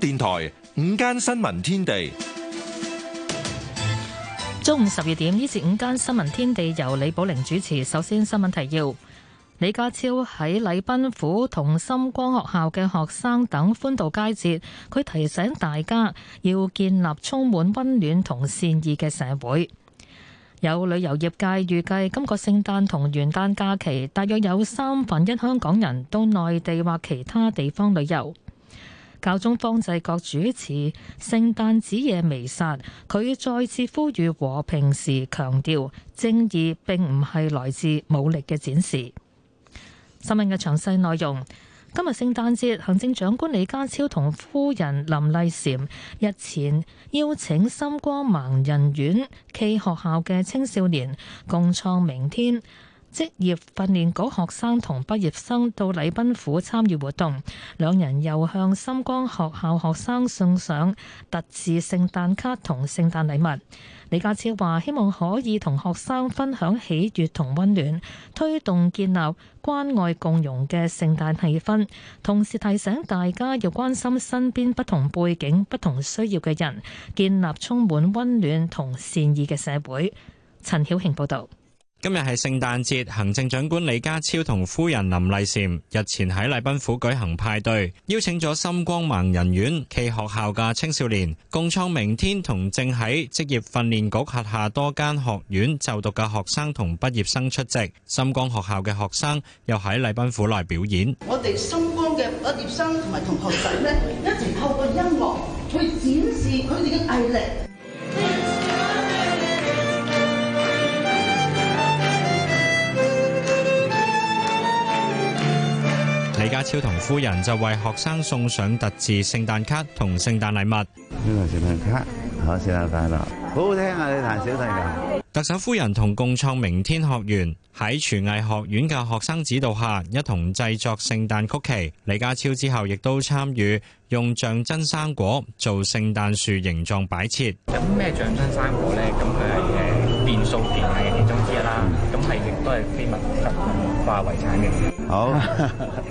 電台午間新聞天地，中午十二點，呢節午間新聞天地由李寶玲主持。首先，新聞提要：李家超喺禮賓府同深光學校嘅學生等歡度佳節，佢提醒大家要建立充滿溫暖同善意嘅社會。有旅遊業界預計，今個聖誕同元旦假期，大約有三分一香港人到內地或其他地方旅遊。教宗方濟各主持聖誕子夜彌撒。佢再次呼籲和平時強調，正義並唔係來自武力嘅展示。新聞嘅詳細內容，今日聖誕節，行政長官李家超同夫人林麗嬋日前邀請心光盲人院暨學校嘅青少年共創明天。職業訓練局學生同畢業生到禮賓府參與活動，兩人又向深光學校學生送上特製聖誕卡同聖誕禮物。李家超話：希望可以同學生分享喜悅同溫暖，推動建立關愛共融嘅聖誕氣氛，同時提醒大家要關心身邊不同背景、不同需要嘅人，建立充滿溫暖同善意嘅社會。陳曉慶報道。今日係聖誕節，行政長官李家超同夫人林麗嬋日前喺禮賓府舉行派對，邀請咗深光盲人院暨學校嘅青少年，共創明天同正喺職業訓練局轄下多間學院就讀嘅學生同畢業生出席。深光學校嘅學生又喺禮賓府內表演。我哋深光嘅畢業生同埋同學仔呢，一齊透過音樂去展示佢哋嘅毅力。李家超同夫人就為學生送上特製聖誕卡同聖誕禮物。呢個聖誕卡，好聖誕快樂！好好聽啊，你彈小提琴。特首夫人同共創明天學員喺廚藝學院嘅學生指導下，一同製作聖誕曲奇。李家超之後亦都參與用象真生果做聖誕樹形狀擺設。咁咩象真生果咧？咁佢係誒變數件係其中之一啦。咁係亦都係非物質文化遺產嘅。好，好。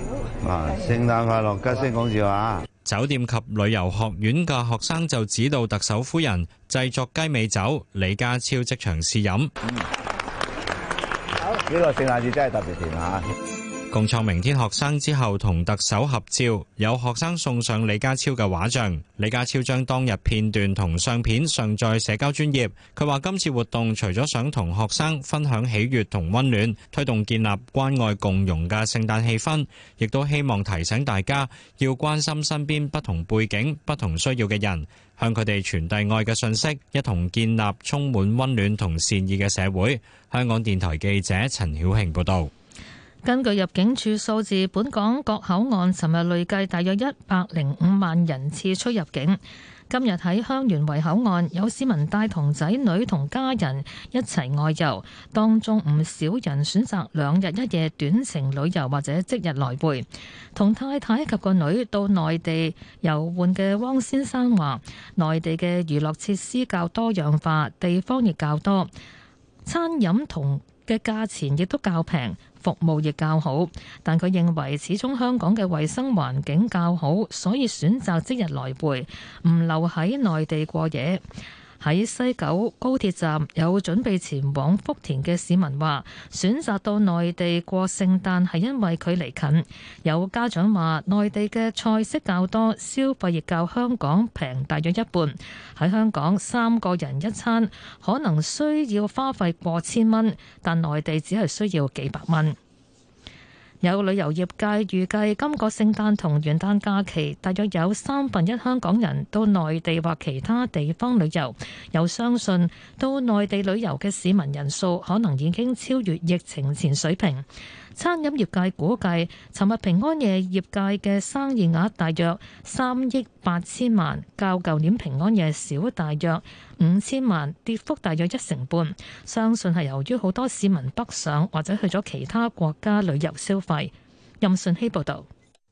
聖誕快樂，吉星講笑話。酒店及旅遊學院嘅學生就指導特首夫人製作雞尾酒，李家超即場試飲。好，呢、嗯這個聖誕節真係特別甜吓。嗯共創明天學生之後同特首合照，有學生送上李家超嘅畫像。李家超將當日片段同相片上載社交專頁，佢話今次活動除咗想同學生分享喜悅同溫暖，推動建立關愛共融嘅聖誕氣氛，亦都希望提醒大家要關心身邊不同背景、不同需要嘅人，向佢哋傳遞愛嘅信息，一同建立充滿溫暖同善意嘅社會，香港電台記者陳曉慶報道。根據入境處數字，本港各口岸尋日累計大約一百零五萬人次出入境。今日喺香園圍口岸，有市民帶同仔女同家人一齊外遊，當中唔少人選擇兩日一夜短程旅遊或者即日來回。同太太及個女到內地遊玩嘅汪先生話：內地嘅娛樂設施較多樣化，地方亦較多，餐飲同嘅價錢亦都較平，服務亦較好，但佢認為始終香港嘅衞生環境較好，所以選擇即日來回，唔留喺內地過夜。喺西九高鐵站有準備前往福田嘅市民話，選擇到內地過聖誕係因為距離近。有家長話，內地嘅菜式較多，消費亦較香港平，大約一半。喺香港三個人一餐可能需要花費過千蚊，但內地只係需要幾百蚊。有旅遊業界預計今個聖誕同元旦假期，大約有三分一香港人到內地或其他地方旅遊，有相信到內地旅遊嘅市民人數可能已經超越疫情前水平。餐飲業界估計，尋日平安夜業界嘅生意額大約三億八千萬，較舊年平安夜少大約五千萬，跌幅大約一成半。相信係由於好多市民北上或者去咗其他國家旅遊消費。任信希報導。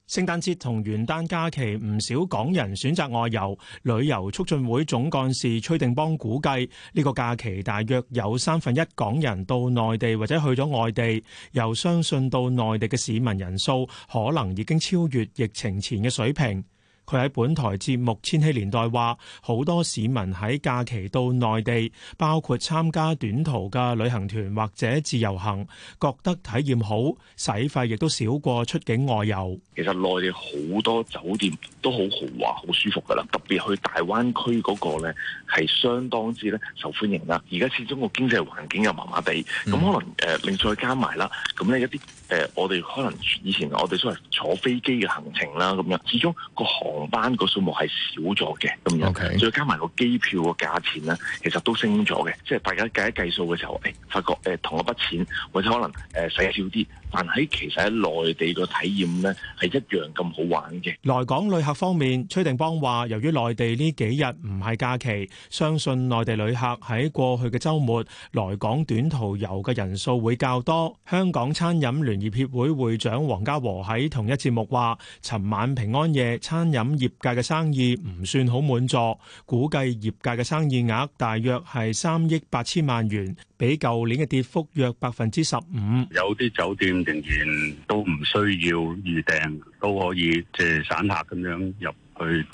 聖誕節同元旦假期，唔少港人選擇外遊。旅遊促進會總幹事崔定邦估計，呢個假期大約有三分一港人到內地或者去咗外地。由相信到內地嘅市民人數，可能已經超越疫情前嘅水平。佢喺本台節目《千禧年代》話，好多市民喺假期到內地，包括參加短途嘅旅行團或者自由行，覺得體驗好，使費亦都少過出境外遊。其實內地好多酒店都好豪華，好舒服㗎啦，特別去大灣區嗰個咧係相當之咧受歡迎啦。而家始終個經濟環境又麻麻地，咁可能誒、呃、另外再加埋啦，咁呢一啲誒、呃、我哋可能以前我哋所謂坐飛機嘅行程啦，咁樣始終個行。航班個數目係少咗嘅咁樣，再加埋個機票個價錢呢，其實都升咗嘅。即係大家計一計數嘅時候，誒，發覺同一筆錢或者可能使少啲，但喺其實喺內地個體驗呢，係一樣咁好玩嘅。來港旅客方面，崔定邦話：由於內地呢幾日唔係假期，相信內地旅客喺過去嘅週末來港短途遊嘅人數會較多。香港餐飲聯業協會會長黃家和喺同一節目話：尋晚平安夜餐飲咁業界嘅生意唔算好滿座，估計業界嘅生意額大約係三億八千萬元，比舊年嘅跌幅約百分之十五。有啲酒店仍然都唔需要預訂，都可以即係散客咁樣入。佢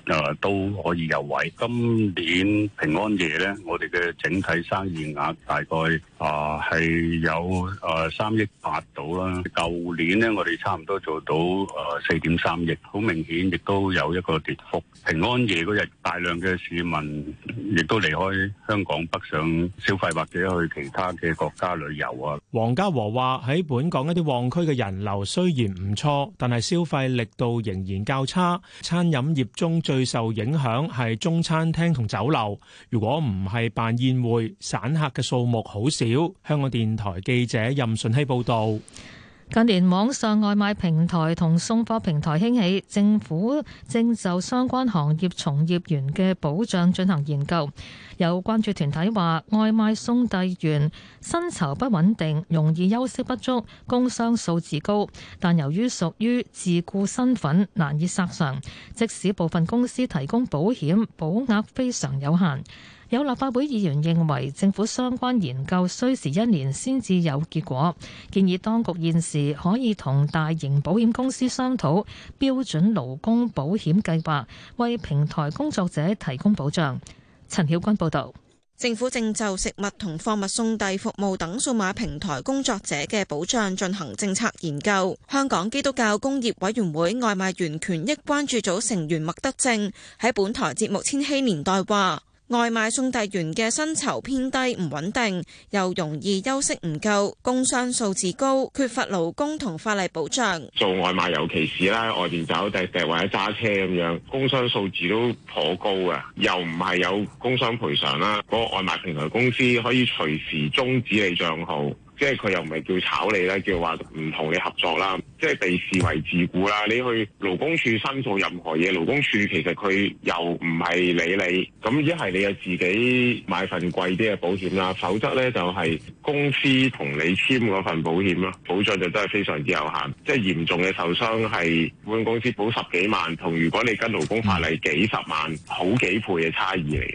都可以有位。今年平安夜呢，我哋嘅整體生意額大概啊係有三億八到啦。舊年呢，我哋差唔多做到四點三億，好明顯亦都有一個跌幅。平安夜嗰日大量嘅市民亦都離開香港北上消費，或者去其他嘅國家旅遊啊。黃家和話喺本港一啲旺區嘅人流雖然唔錯，但係消費力度仍然較差，餐飲業，業中最受影響係中餐廳同酒樓，如果唔係辦宴會，散客嘅數目好少。香港電台記者任順熙報導。近年網上外賣平台同送貨平台興起，政府正就相關行業從業員嘅保障進行研究。有關注團體話，外賣送遞員薪酬不穩定，容易休息不足，工傷數字高，但由於屬於自雇身份，難以索償。即使部分公司提供保險，保額非常有限。有立法會議員認為政府相關研究需時一年先至有結果，建議當局現時可以同大型保險公司商討標準勞工保險計劃，為平台工作者提供保障。陳曉君報導，政府正就食物同貨物送遞服務等數碼平台工作者嘅保障進行政策研究。香港基督教工業委員會外賣員權益關注組成員麥德正喺本台節目《千禧年代》話。外賣送遞員嘅薪酬偏低，唔穩定，又容易休息唔夠，工傷數字高，缺乏勞工同法例保障。做外賣尤其是啦，外邊走遞地或者揸車咁樣，工傷數字都頗高嘅，又唔係有工傷賠償啦。嗰個外賣平台公司可以隨時終止你賬號。即係佢又唔係叫炒你啦，叫話唔同你合作啦，即係被視為自雇啦。你去勞工處申訴任何嘢，勞工處其實佢又唔係理你。咁一係你就自己買份貴啲嘅保險啦，否則呢就係公司同你簽嗰份保險咯，保障就真係非常之有限。即係嚴重嘅受傷係保險公司保十幾萬，同如果你跟勞工法例幾十萬好幾倍嘅差異嚟。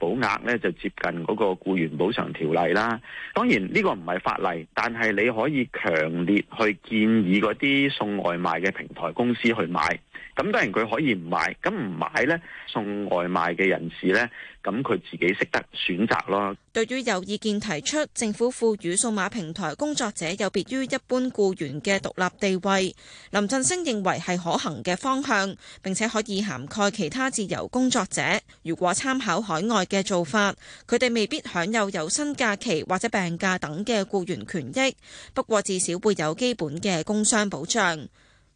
保額咧，就接近嗰個僱員補償條例啦。當然呢個唔係法例，但係你可以強烈去建議嗰啲送外賣嘅平台公司去買。咁當然佢可以唔買，咁唔買呢？送外賣嘅人士呢，咁佢自己識得選擇咯。對於有意見提出，政府賦予數碼平台工作者有別於一般僱員嘅獨立地位，林振聲認為係可行嘅方向，並且可以涵蓋其他自由工作者。如果參考海外嘅做法，佢哋未必享有有薪假期或者病假等嘅僱員權益，不過至少會有基本嘅工傷保障。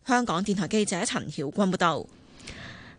香港電台記者陳曉君報道，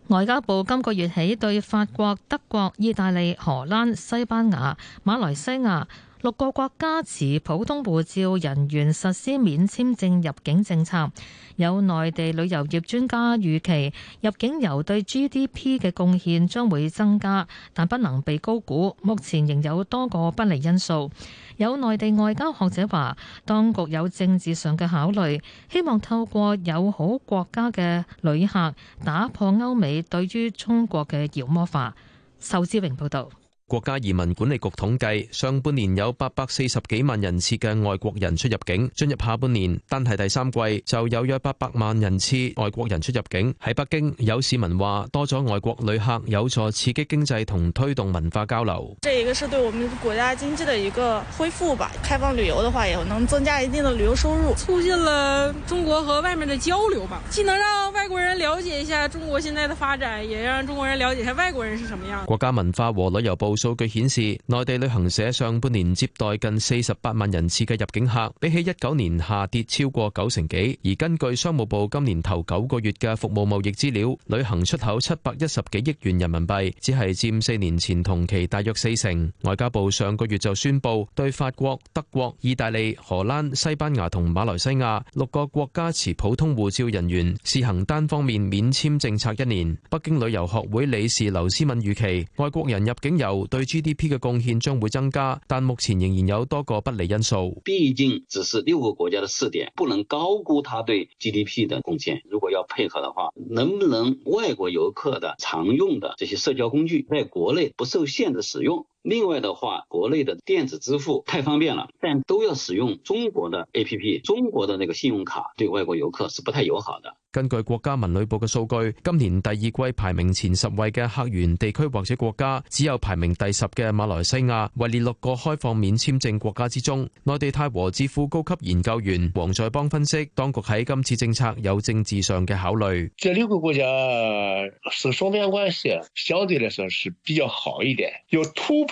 外交部今個月起對法國、德國、意大利、荷蘭、西班牙、馬來西亞、六個國家持普通護照人員實施免簽證入境政策。有內地旅遊業專家預期，入境遊對 GDP 嘅貢獻將會增加，但不能被高估。目前仍有多個不利因素。有內地外交學者話，當局有政治上嘅考慮，希望透過友好國家嘅旅客打破歐美對於中國嘅妖魔化。仇志榮報道。國家移民管理局統計，上半年有八百四十幾萬人次嘅外國人出入境，進入下半年，單係第三季就有約八百萬人次外國人出入境。喺北京，有市民話多咗外國旅客有助刺激經濟同推動文化交流。這一個是對我們國家經濟的一個恢復吧，開放旅遊的話也能增加一定的旅遊收入，促進了中國和外面的交流吧，既能讓外國人了解一下中國現在的發展，也讓中國人了解一下外國人是什麼樣。國家文化和旅遊部，數據顯示，內地旅行社上半年接待近四十八萬人次嘅入境客，比起一九年下跌超過九成幾。而根據商務部今年頭九個月嘅服務貿易資料，旅行出口七百一十幾億元人民幣，只係佔四年前同期大約四成。外交部上個月就宣布，對法國、德國、意大利、荷蘭、西班牙同馬來西亞六個國家持普通護照人員試行單方面免簽政策一年。北京旅遊學會理事劉思敏預期，外國人入境遊，對 GDP 嘅貢獻將會增加，但目前仍然有多個不利因素。畢竟只是六個國家的試點，不能高估它對 GDP 的貢獻。如果要配合的話，能不能外國遊客的常用的這些社交工具，在國內不受限的使用？另外的話，國內的電子支付太方便了，但都要使用中國的 APP，中國的那個信用卡對外國遊客是不太友好的。根據國家文旅部嘅數據，今年第二季排名前十位嘅客源地區或者國家，只有排名第十嘅馬來西亞位列六個開放免簽證國家之中。內地泰和智庫高級研究員王在邦分析，當局喺今次政策有政治上嘅考慮。這六個國家是雙邊關係，相對來說是比較好一點，有突破。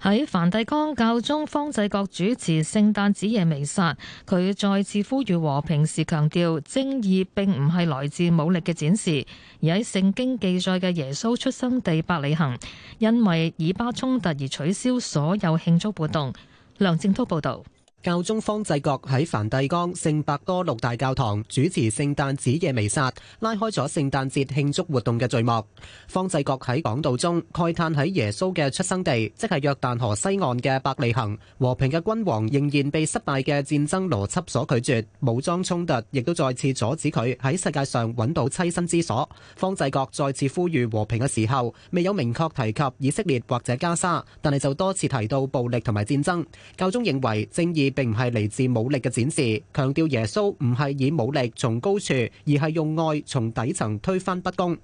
喺梵蒂岡，教宗方濟各主持聖誕子夜彌撒，佢再次呼籲和平時強調，正義並唔係來自武力嘅展示，而喺聖經記載嘅耶穌出生地伯利恆，因為以巴衝突而取消所有慶祝活動。梁正濤報道。教宗方濟各喺梵蒂岡聖伯多祿大教堂主持聖誕子夜彌撒，拉開咗聖誕節慶祝活動嘅序幕。方濟各喺講道中慨嘆喺耶穌嘅出生地，即係約旦河西岸嘅伯利恒，和平嘅君王仍然被失敗嘅戰爭邏輯所拒絕。武裝衝突亦都再次阻止佢喺世界上揾到棲身之所。方濟各再次呼籲和平嘅時候，未有明確提及以色列或者加沙，但係就多次提到暴力同埋戰爭。教宗認為正義，並唔係嚟自武力嘅展示，強調耶穌唔係以武力從高處，而係用愛從底層推翻不公。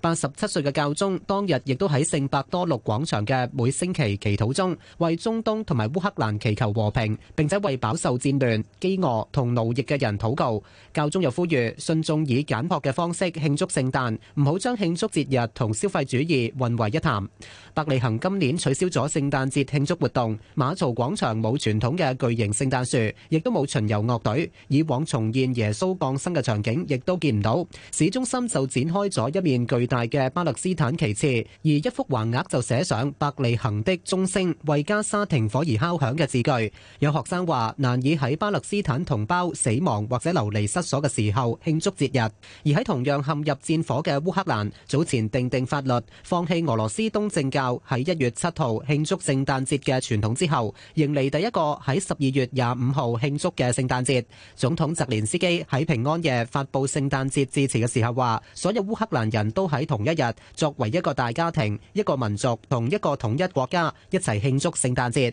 八十七歲嘅教宗當日亦都喺聖伯多祿廣場嘅每星期祈禱中，為中東同埋烏克蘭祈求和平，並且為飽受戰亂、飢餓同奴役嘅人禱告。教宗又呼籲信眾以簡樸嘅方式慶祝聖誕，唔好將慶祝節日同消費主義混為一談。伯利恆今年取消咗聖誕節慶祝活動，馬槽廣場冇傳統嘅巨型聖誕樹，亦都冇巡遊樂隊，以往重現耶穌降生嘅場景亦都見唔到。市中心就展開咗一面巨大嘅巴勒斯坦旗幟，而一幅橫額就寫上伯利恆的鐘聲為加沙停火而敲響嘅字句。有學生話：難以喺巴勒斯坦同胞死亡或者流離失所嘅時候慶祝節日。而喺同樣陷入戰火嘅烏克蘭，早前訂定法律放棄俄羅斯東正教喺一月七號慶祝聖誕節嘅傳統之後，迎嚟第一個喺十二月廿五號慶祝嘅聖誕節。總統澤連斯基喺平安夜發佈聖誕節致辭嘅時候話：所有烏克蘭人都係。喺同一日，作為一個大家庭，一個民族、同一個統一國家，一齊慶祝聖誕節。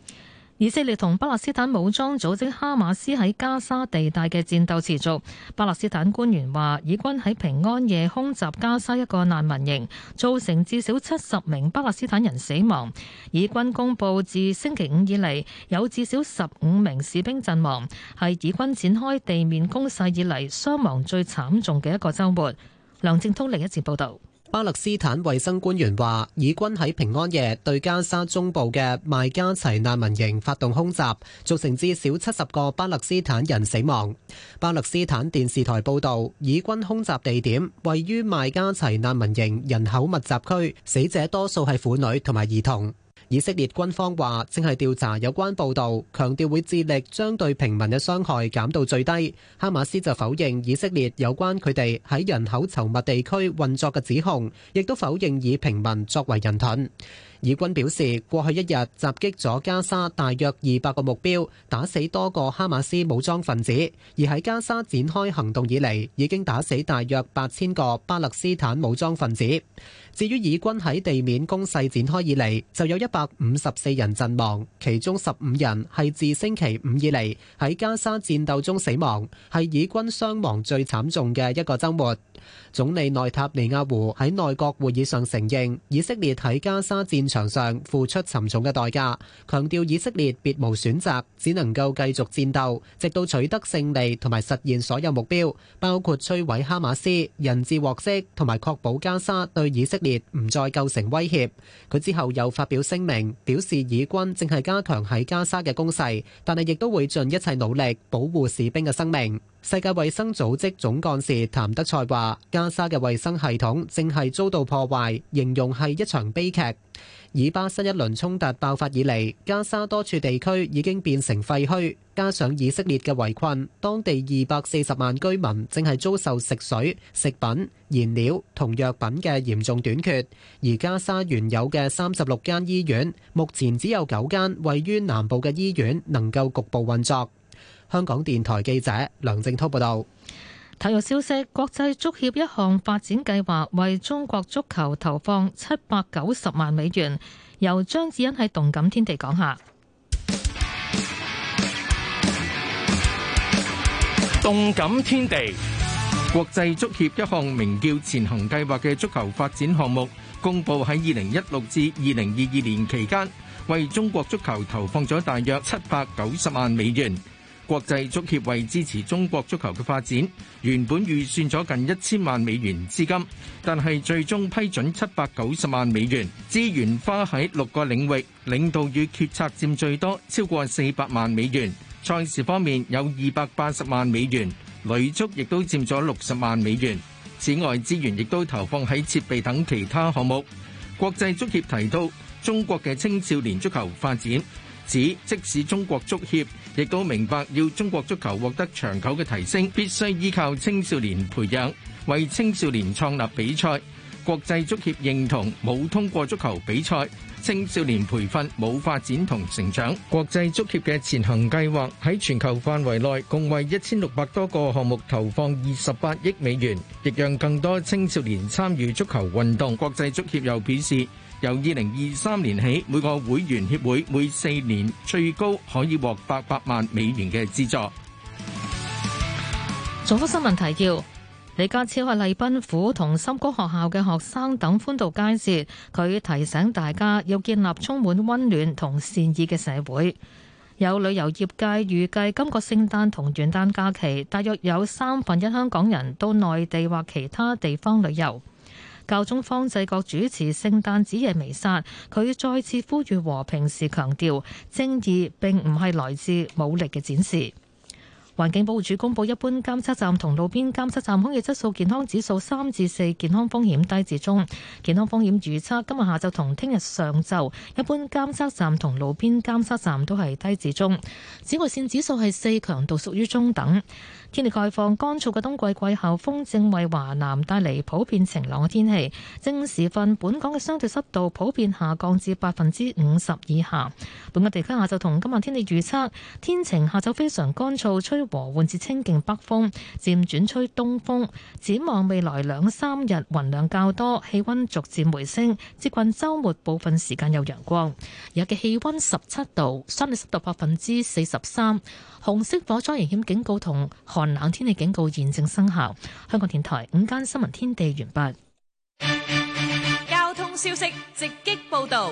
以色列同巴勒斯坦武裝組織哈馬斯喺加沙地帶嘅戰鬥持續。巴勒斯坦官員話，以軍喺平安夜空襲加沙一個難民營，造成至少七十名巴勒斯坦人死亡。以軍公布，自星期五以嚟有至少十五名士兵陣亡，係以軍展開地面攻勢以嚟傷亡最慘重嘅一個周末。梁正通另一節報道。巴勒斯坦衛生官員話，以軍喺平安夜對加沙中部嘅麥加齊難民營發動空襲，造成至少七十個巴勒斯坦人死亡。巴勒斯坦電視台報道，以軍空襲地點位於麥加齊難民營人口密集區，死者多數係婦女同埋兒童。以色列軍方話正係調查有關報導，強調會致力將對平民嘅傷害減到最低。哈馬斯就否認以色列有關佢哋喺人口稠密地區運作嘅指控，亦都否認以平民作為人盾。以軍表示，過去一日襲擊咗加沙大約二百個目標，打死多個哈馬斯武裝分子。而喺加沙展開行動以嚟，已經打死大約八千個巴勒斯坦武裝分子。至於以軍喺地面攻勢展開以嚟，就有一百五十四人陣亡，其中十五人係自星期五以嚟喺加沙戰鬥中死亡，係以軍傷亡最慘重嘅一個週末。總理內塔尼亞胡喺內閣會議上承認，以色列喺加沙戰場上付出沉重嘅代價，強調以色列別無選擇，只能夠繼續戰鬥，直到取得勝利同埋實現所有目標，包括摧毀哈馬斯、人質獲釋同埋確保加沙對以色列唔再構成威脅。佢之後又發表聲明，表示以軍正係加強喺加沙嘅攻勢，但係亦都會盡一切努力保護士兵嘅生命。世界衛生組織總幹事譚德塞話，加沙嘅衛生系統正係遭到破壞，形容係一場悲劇。以巴新一輪衝突爆發以嚟，加沙多處地區已經變成廢墟，加上以色列嘅圍困，當地二百四十萬居民正係遭受食水、食品、燃料同藥品嘅嚴重短缺。而加沙原有嘅三十六間醫院，目前只有九間位於南部嘅醫院能夠局部運作。香港電台記者梁正滔報道。體育消息：國際足協一項發展計劃為中國足球投放七百九十萬美元。由張子欣喺動感天地講下。動感天地，國際足協一項名叫“前行計劃”嘅足球發展項目，公布喺二零一六至二零二二年期間為中國足球投放咗大約七百九十萬美元。國際足協為支持中國足球嘅發展，原本預算咗近一千萬美元資金，但係最終批准七百九十萬美元資源花喺六個領域，領導與決策佔最多，超過四百萬美元；賽事方面有二百八十萬美元，女足亦都佔咗六十萬美元。此外，資源亦都投放喺設備等其他項目。國際足協提到中國嘅青少年足球發展，指即使中國足協，亦都明白，要中國足球獲得長久嘅提升，必須依靠青少年培養，為青少年創立比賽。國際足協認同冇通過足球比賽，青少年培訓冇發展同成長。國際足協嘅前行計劃喺全球範圍內，共為一千六百多個項目投放二十八億美元，亦讓更多青少年參與足球運動。國際足協又表示。由二零二三年起，每個會員協會每四年最高可以獲八百萬美元嘅資助。重複新聞提要：李家超喺禮賓府同深谷學校嘅學生等歡度佳節，佢提醒大家要建立充滿温暖同善意嘅社會。有旅遊業界預計今個聖誕同元旦假期，大約有三分一香港人到內地或其他地方旅遊。教宗方濟各主持聖誕子夜彌撒，佢再次呼籲和平時強調，正義並唔係來自武力嘅展示。環境保護署公布，一般監測站同路邊監測站空氣質素健康指數三至四，健康風險低至中。健康風險預測今日下晝同聽日上晝，一般監測站同路邊監測站都係低至中。紫外線指數係四，強度屬於中等。天氣概況：乾燥嘅冬季季候風正為華南帶嚟普遍晴朗嘅天氣。正時分，本港嘅相對濕度普遍下降至百分之五十以下。本港地區下晝同今日天氣預測：天晴，下晝非常乾燥，吹和緩至清勁北風，漸轉吹東風。展望未來兩三日雲量較多，氣温逐漸回升，接近週末部分時間有陽光。日嘅氣温十七度，相對濕度百分之四十三。紅色火災危險警告同寒冷天氣警告現正生效。香港電台午間新聞天地完畢。交通消息直擊報導。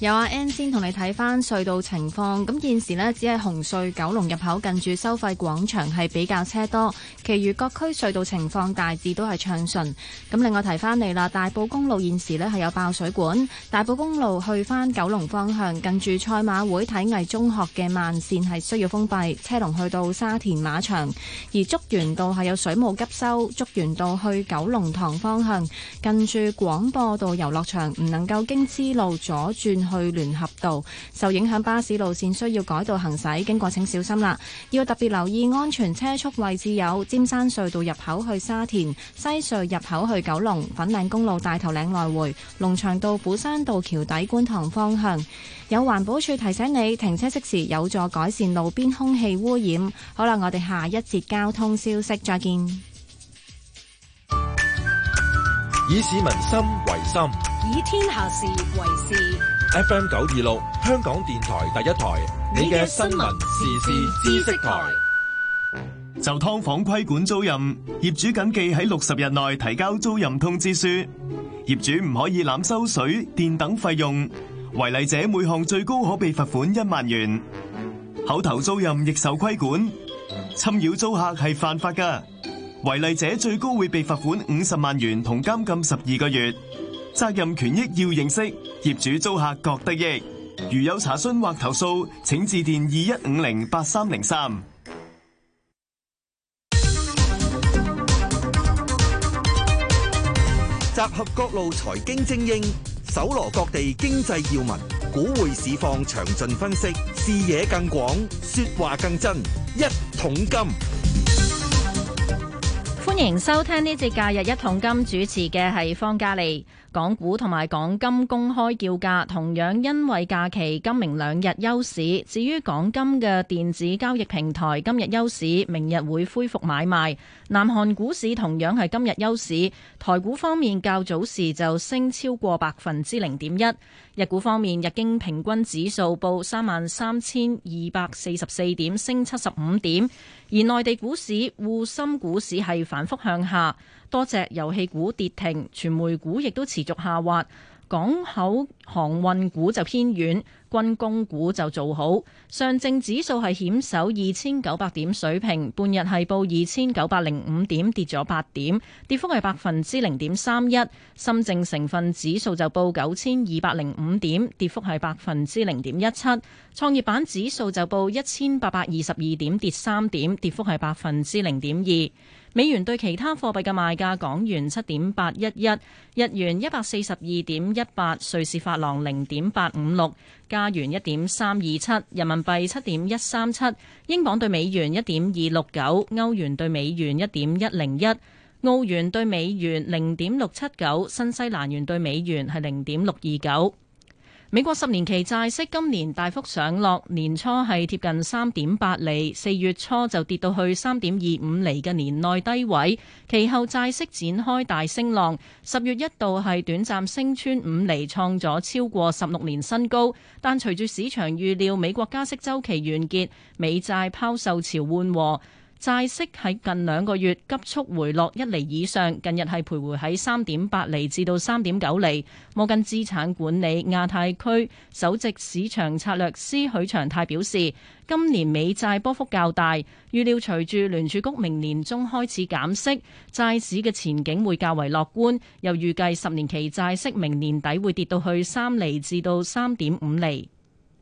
有啊，N 先同你睇翻隧道情況。咁現時咧，只係紅隧九龍入口近住收費廣場係比較車多，其餘各區隧道情況大致都係暢順。咁另外提翻嚟啦，大埔公路現時咧係有爆水管，大埔公路去翻九龍方向近住賽馬會體藝中學嘅慢線係需要封閉，車龍去到沙田馬場。而竹園道係有水務急修，竹園道去九龍塘方向近住廣播道遊樂場唔能夠經支路左轉。去聯合道受影響巴士路線需要改道行駛，經過請小心啦，要特別留意安全車速位置，有尖山隧道入口去沙田、西隧入口去九龍、粉嶺公路大頭嶺來回、龍翔道、虎山道橋底觀塘方向。有環保處提醒你停車熄匙有助改善路邊空氣污染。好啦，我哋下一節交通消息再見。以市民心為心，以天下事為事。FM 九二六，香港電台第一台，你嘅新聞時事知識台。就劏房規管租賃，業主謹記喺六十日內提交租賃通知書。業主唔可以濫收水電等費用，違例者每項最高可被罰款一萬元。口頭租賃亦受規管，侵擾租客係犯法噶，違例者最高會被罰款五十萬元同監禁十二個月。責任權益要認識。業主租客各得益，如有查詢或投訴，請致電二一五零八三零三。集合各路財經精英，搜羅各地經濟要聞，股匯市況詳盡分析，視野更廣，說話更真，一桶金。歡迎收聽呢節假日一桶金，主持嘅係方嘉利。港股同埋港金公開叫價，同樣因為假期，今明兩日休市。至於港金嘅電子交易平台今日休市，明日會恢復買賣。南韓股市同樣係今日休市。台股方面，較早時就升超過百分之零點一。日股方面，日經平均指數報三萬三千二百四十四點，升七十五點。而內地股市、滬深股市係反覆向下，多隻遊戲股跌停，傳媒股亦都持續下滑。港口航運股就偏軟。軍工股就做好，上證指數係險守二千九百點水平，半日係報二千九百零五點，跌咗八點，跌幅係百分之零點三一。深證成分指數就報九千二百零五點，跌幅係百分之零點一七。創業板指數就報一千八百二十二點，跌三點，跌幅係百分之零點二。美元對其他貨幣嘅賣價：港元七點八一一，日元一百四十二點一八，瑞士法郎零點八五六，加元一點三二七，人民幣七點一三七，英鎊對美元一點二六九，歐元對美元一點一零一，澳元對美元零點六七九，新西蘭元對美元係零點六二九。美國十年期債息今年大幅上落，年初係貼近三點八厘，四月初就跌到去三點二五厘嘅年內低位，其後債息展開大升浪，十月一度係短暫升穿五厘，創咗超過十六年新高，但隨住市場預料美國加息週期完結，美債拋售潮緩和。債息喺近兩個月急速回落一厘以上，近日係徘徊喺三點八厘至到三點九厘。摩根資產管理亞太區首席市場策略師許長泰表示，今年美債波幅較大，預料隨住聯儲局明年中開始減息，債市嘅前景會較為樂觀，又預計十年期債息明年底會跌到去三厘至到三點五厘。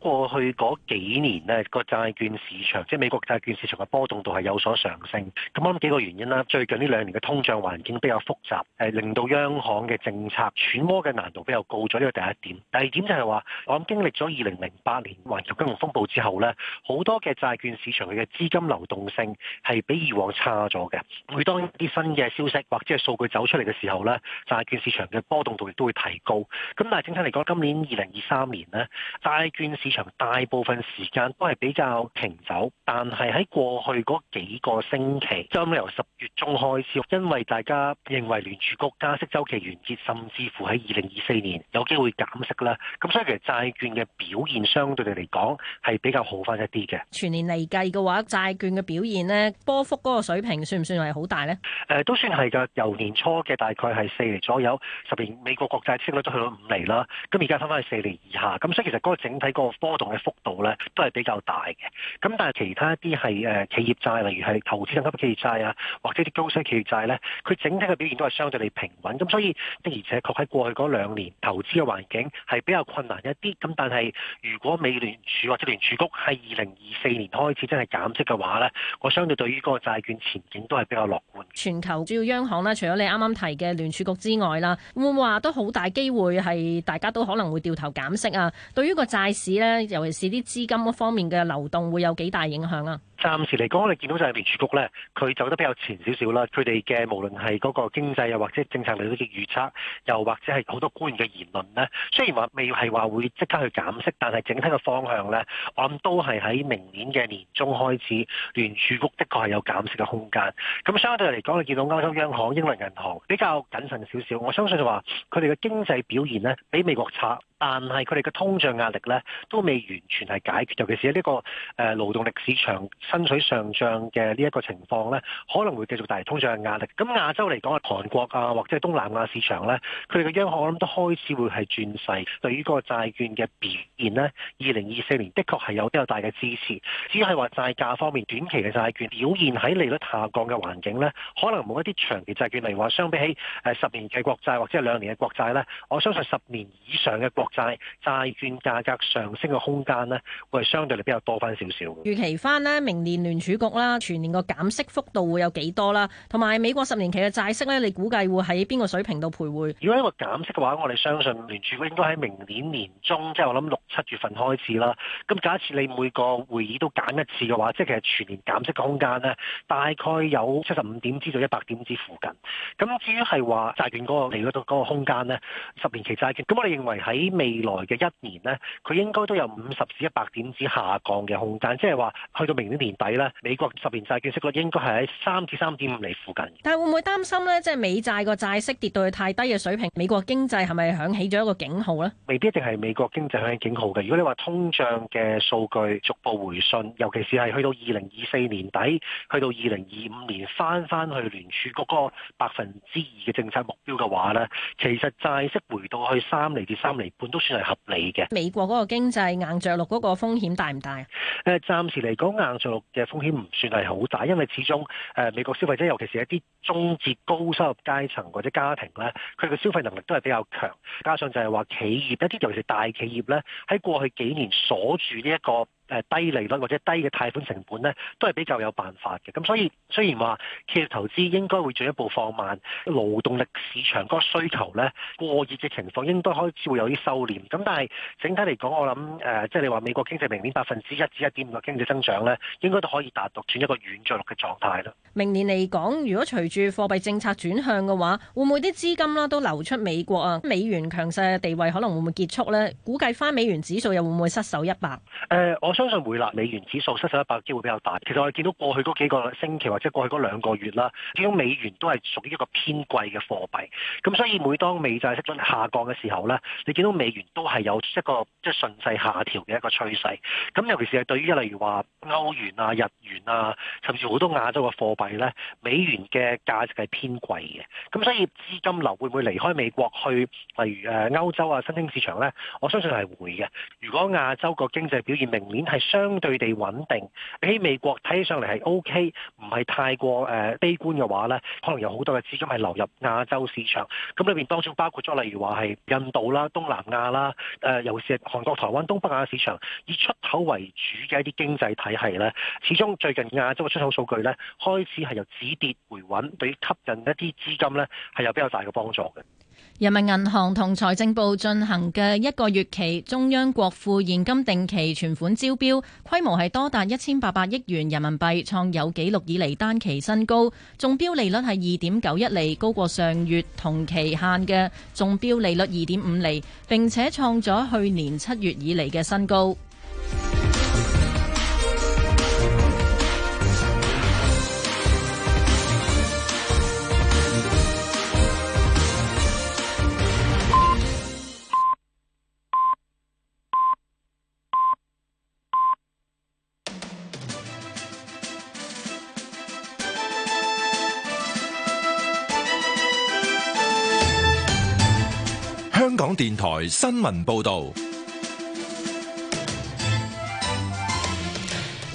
過去嗰幾年呢個債券市場，即係美國債券市場嘅波動度係有所上升。咁我諗幾個原因啦。最近呢兩年嘅通脹環境比較複雜，誒，令到央行嘅政策揣摩嘅難度比較高咗。呢個第一點。第二點就係話，我諗經歷咗二零零八年環球金融風暴之後呢，好多嘅債券市場佢嘅資金流動性係比以往差咗嘅。每當啲新嘅消息或者係數據走出嚟嘅時候呢，債券市場嘅波動度亦都會提高。咁但係整體嚟講，今年二零二三年呢，債券市場，大部分時間都係比較平走，但係喺過去嗰幾個星期，咁由十月中開始，因為大家認為聯儲局加息週期完結，甚至乎喺二零二四年有機會減息啦，咁所以其實債券嘅表現相對嚟講係比較好翻一啲嘅。全年嚟計嘅話，債券嘅表現咧，波幅嗰個水平算唔算係好大呢？誒、呃，都算係噶。由年初嘅大概係四厘左右，十年美國國債息率都去到五厘啦，咁而家翻翻去四厘以下，咁所以其實嗰個整體個波波動嘅幅度呢都係比較大嘅，咁但係其他一啲係企業債，例如係投資等級企業債啊，或者啲高息企業債呢，佢整體嘅表現都係相對地平穩。咁所以的而且確喺過去嗰兩年投資嘅環境係比較困難一啲。咁但係如果美聯儲或者聯儲局喺二零二四年開始真係減息嘅話呢，我相對對於嗰個債券前景都係比較樂觀。全球主要央行呢，除咗你啱啱提嘅聯儲局之外啦，會唔會話都好大機會係大家都可能會掉頭減息啊？對於個債市呢。尤其是啲資金方面嘅流動會有幾大影響啊？暫時嚟講，我哋見到就係聯儲局咧，佢走得比較前少少啦。佢哋嘅無論係嗰個經濟又或者政策利率嘅預測，又或者係好多官員嘅言論咧，雖然話未係話會即刻去減息，但係整體嘅方向咧，我諗都係喺明年嘅年中開始，聯儲局的確係有減息嘅空間。咁相對嚟講，你見到歐洲央行、英倫銀行比較謹慎少少。我相信就話佢哋嘅經濟表現咧比美國差，但係佢哋嘅通脹壓力咧都未完全係解決，尤其是喺呢個誒勞動力市場。薪水上漲嘅呢一個情況咧，可能會繼續帶嚟通脹嘅壓力。咁亞洲嚟講啊，韓國啊，或者係東南亞市場呢，佢哋嘅央行我諗都開始會係轉勢。對於個債券嘅表現呢，二零二四年的確係有比較大嘅支持。只係話債價方面，短期嘅債券表現喺利率下降嘅環境呢，可能冇一啲長期債券嚟話。例如相比起誒十年嘅國債或者係兩年嘅國債呢，我相信十年以上嘅國債債券價格上升嘅空間呢，會係相對嚟比較多翻少少嘅。預期翻呢。年聯儲局啦，全年個減息幅度會有幾多啦？同埋美國十年期嘅債息咧，你估計會喺邊個水平度徘徊？如果一個減息嘅話，我哋相信聯儲局應該喺明年年中，即係我諗六七月份開始啦。咁假設你每個會議都減一次嘅話，即係其實全年減息嘅空間呢，大概有七十五點至到一百點子附近。咁至於係話債券嗰個嚟到度嗰個空間呢，十年期債券，咁我哋認為喺未來嘅一年呢，佢應該都有五十至一百點子下降嘅空間，即係話去到明年。年底咧，美國十年債券息率應該係喺三至三點五厘附近。但係會唔會擔心呢？即係美債個債息跌到去太低嘅水平，美國經濟係咪響起咗一,一個警號呢？未必一定係美國經濟響起警號嘅。如果你話通脹嘅數據逐步回信，尤其是係去到二零二四年底，去到二零二五年翻翻去聯儲局嗰個百分之二嘅政策目標嘅話呢，其實債息回到去三厘至三厘半都算係合理嘅。美國嗰個經濟硬着陸嗰個風險大唔大？誒，暫時嚟講硬着嘅風險唔算係好大，因為始終誒美國消費者，尤其是一啲中至高收入階層或者家庭咧，佢嘅消費能力都係比較強。加上就係話企業一啲尤其是大企業咧，喺過去幾年鎖住呢一個。誒低利率或者低嘅貸款成本咧，都係比較有辦法嘅。咁所以雖然話企業投資應該會進一步放慢，勞動力市場嗰個需求咧過熱嘅情況應該開始會有啲收斂。咁但係整體嚟講，我諗誒，即係你話美國經濟明年百分之一至一點五嘅經濟增長咧，應該都可以達到轉一個軟着陸嘅狀態啦。明年嚟講，如果隨住貨幣政策轉向嘅話，會唔會啲資金啦都流出美國啊？美元強勢嘅地位可能會唔會結束咧？估計翻美元指數又會唔會失守一百？誒，我。相信會啦，美元指數失守一百機會比較大。其實我哋見到過去嗰幾個星期或者過去嗰兩個月啦，見到美元都係屬於一個偏貴嘅貨幣。咁所以每當美債息率下降嘅時候呢，你見到美元都係有一個即係、就是、順勢下調嘅一個趨勢。咁尤其是係對於例如話歐元啊、日元啊，甚至好多亞洲嘅貨幣呢，美元嘅價值係偏貴嘅。咁所以資金流會唔會離開美國去例如誒歐洲啊、新興市場呢，我相信係會嘅。如果亞洲個經濟表現明年，係相對地穩定，喺美國睇起上嚟係 OK，唔係太過誒悲觀嘅話呢，可能有好多嘅資金係流入亞洲市場，咁裏面當中包括咗例如話係印度啦、東南亞啦，誒，尤其是韓國、台灣、東北亞市場，以出口為主嘅一啲經濟體係呢，始終最近亞洲嘅出口數據呢，開始係由止跌回穩，對於吸引一啲資金呢，係有比較大嘅幫助嘅。人民銀行同財政部進行嘅一個月期中央國庫現金定期存款招標，規模係多達一千八百億元人民幣，創有紀錄以嚟單期新高。中標利率係二點九一厘，高過上月同期限嘅中標利率二點五厘，並且創咗去年七月以嚟嘅新高。電台新聞報道。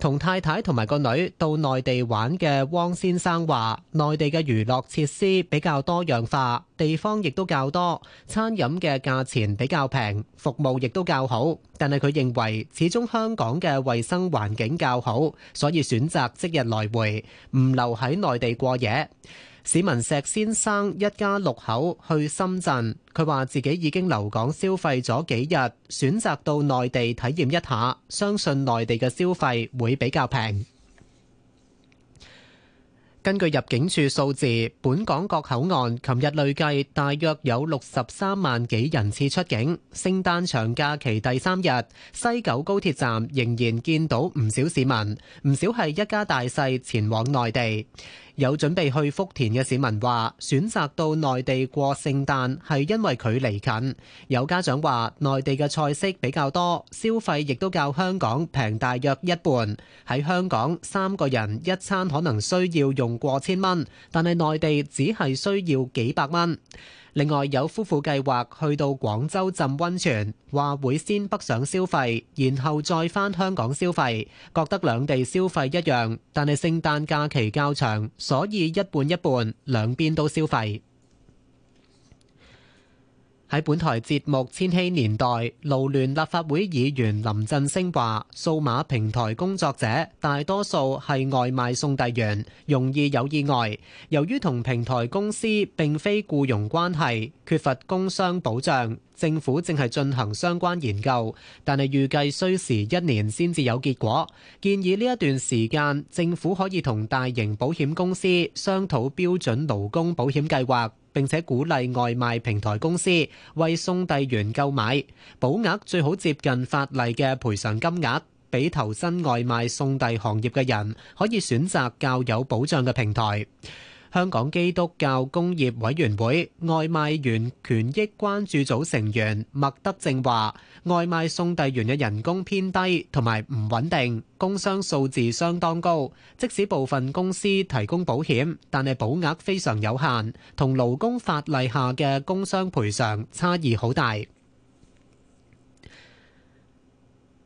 同太太同埋個女到內地玩嘅汪先生話，內地嘅娛樂設施比較多樣化，地方亦都較多，餐飲嘅價錢比較平，服務亦都較好。但係佢認為始終香港嘅衛生環境較好，所以選擇即日來回，唔留喺內地過夜。市民石先生一家六口去深圳，佢話自己已經留港消費咗幾日，選擇到內地體驗一下，相信內地嘅消費會比較平。根據入境處數字，本港各口岸琴日累計大約有六十三萬幾人次出境。聖誕長假期第三日，西九高鐵站仍然見到唔少市民，唔少係一家大細前往內地。有準備去福田嘅市民話，選擇到內地過聖誕係因為距離近。有家長話，內地嘅菜式比較多，消費亦都較香港平大約一半。喺香港，三個人一餐可能需要用過千蚊，但係內地只係需要幾百蚊。另外有夫婦計劃去到廣州浸溫泉，話會先北上消費，然後再返香港消費，覺得兩地消費一樣，但係聖誕假期較長，所以一半一半兩邊都消費。喺本台節目《千禧年代》，勞聯立法會議員林振昇話，數碼平台工作者大多數係外賣送遞員，容易有意外。由於同平台公司並非僱傭關係，缺乏工傷保障。政府正係進行相關研究，但係預計需時一年先至有結果。建議呢一段時間政府可以同大型保險公司商討標準勞工保險計劃，並且鼓勵外賣平台公司為送遞員購買保額，最好接近法例嘅賠償金額，俾投身外賣送遞行業嘅人可以選擇較有保障嘅平台。香港基督教工業委員會外賣員權益關注組成員麥德正話：外賣送遞員嘅人工偏低同埋唔穩定，工傷數字相當高。即使部分公司提供保險，但係保額非常有限，同勞工法例下嘅工傷賠償差異好大。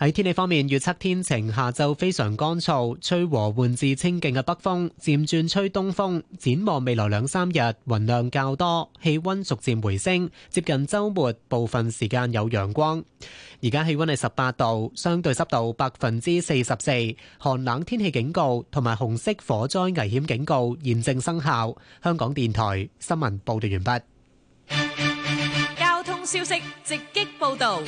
喺天氣方面，預測天晴，下晝非常乾燥，吹和緩至清勁嘅北風，漸轉吹東風。展望未來兩三日，雲量較多，氣溫逐漸回升，接近周末部分時間有陽光。而家氣溫係十八度，相對濕度百分之四十四，寒冷天氣警告同埋紅色火災危險警告現正生效。香港電台新聞報道完畢。交通消息直擊報道。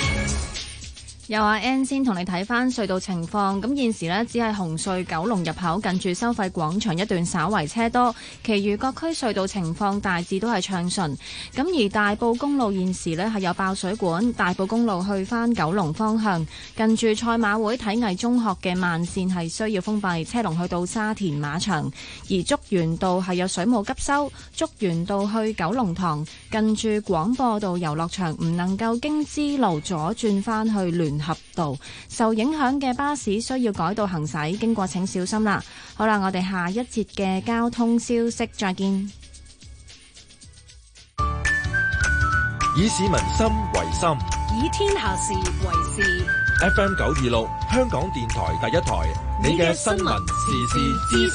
有啊 N 先同你睇翻隧道情況，咁現時呢只係紅隧九龍入口近住收費廣場一段稍為車多，其餘各區隧道情況大致都係暢順。咁而大埔公路現時呢係有爆水管，大埔公路去翻九龍方向，近住賽馬會體藝中學嘅慢線係需要封閉，車龍去到沙田馬場。而竹園道係有水務急修，竹園道去九龍塘近住廣播道遊樂場唔能夠經支路左轉翻去聯合道，受影響嘅巴士需要改道行駛，經過請小心啦。好啦，我哋下一節嘅交通消息，再見。以市民心為心，以天下事為事。FM 九二六，香港電台第一台，你嘅新聞時事知。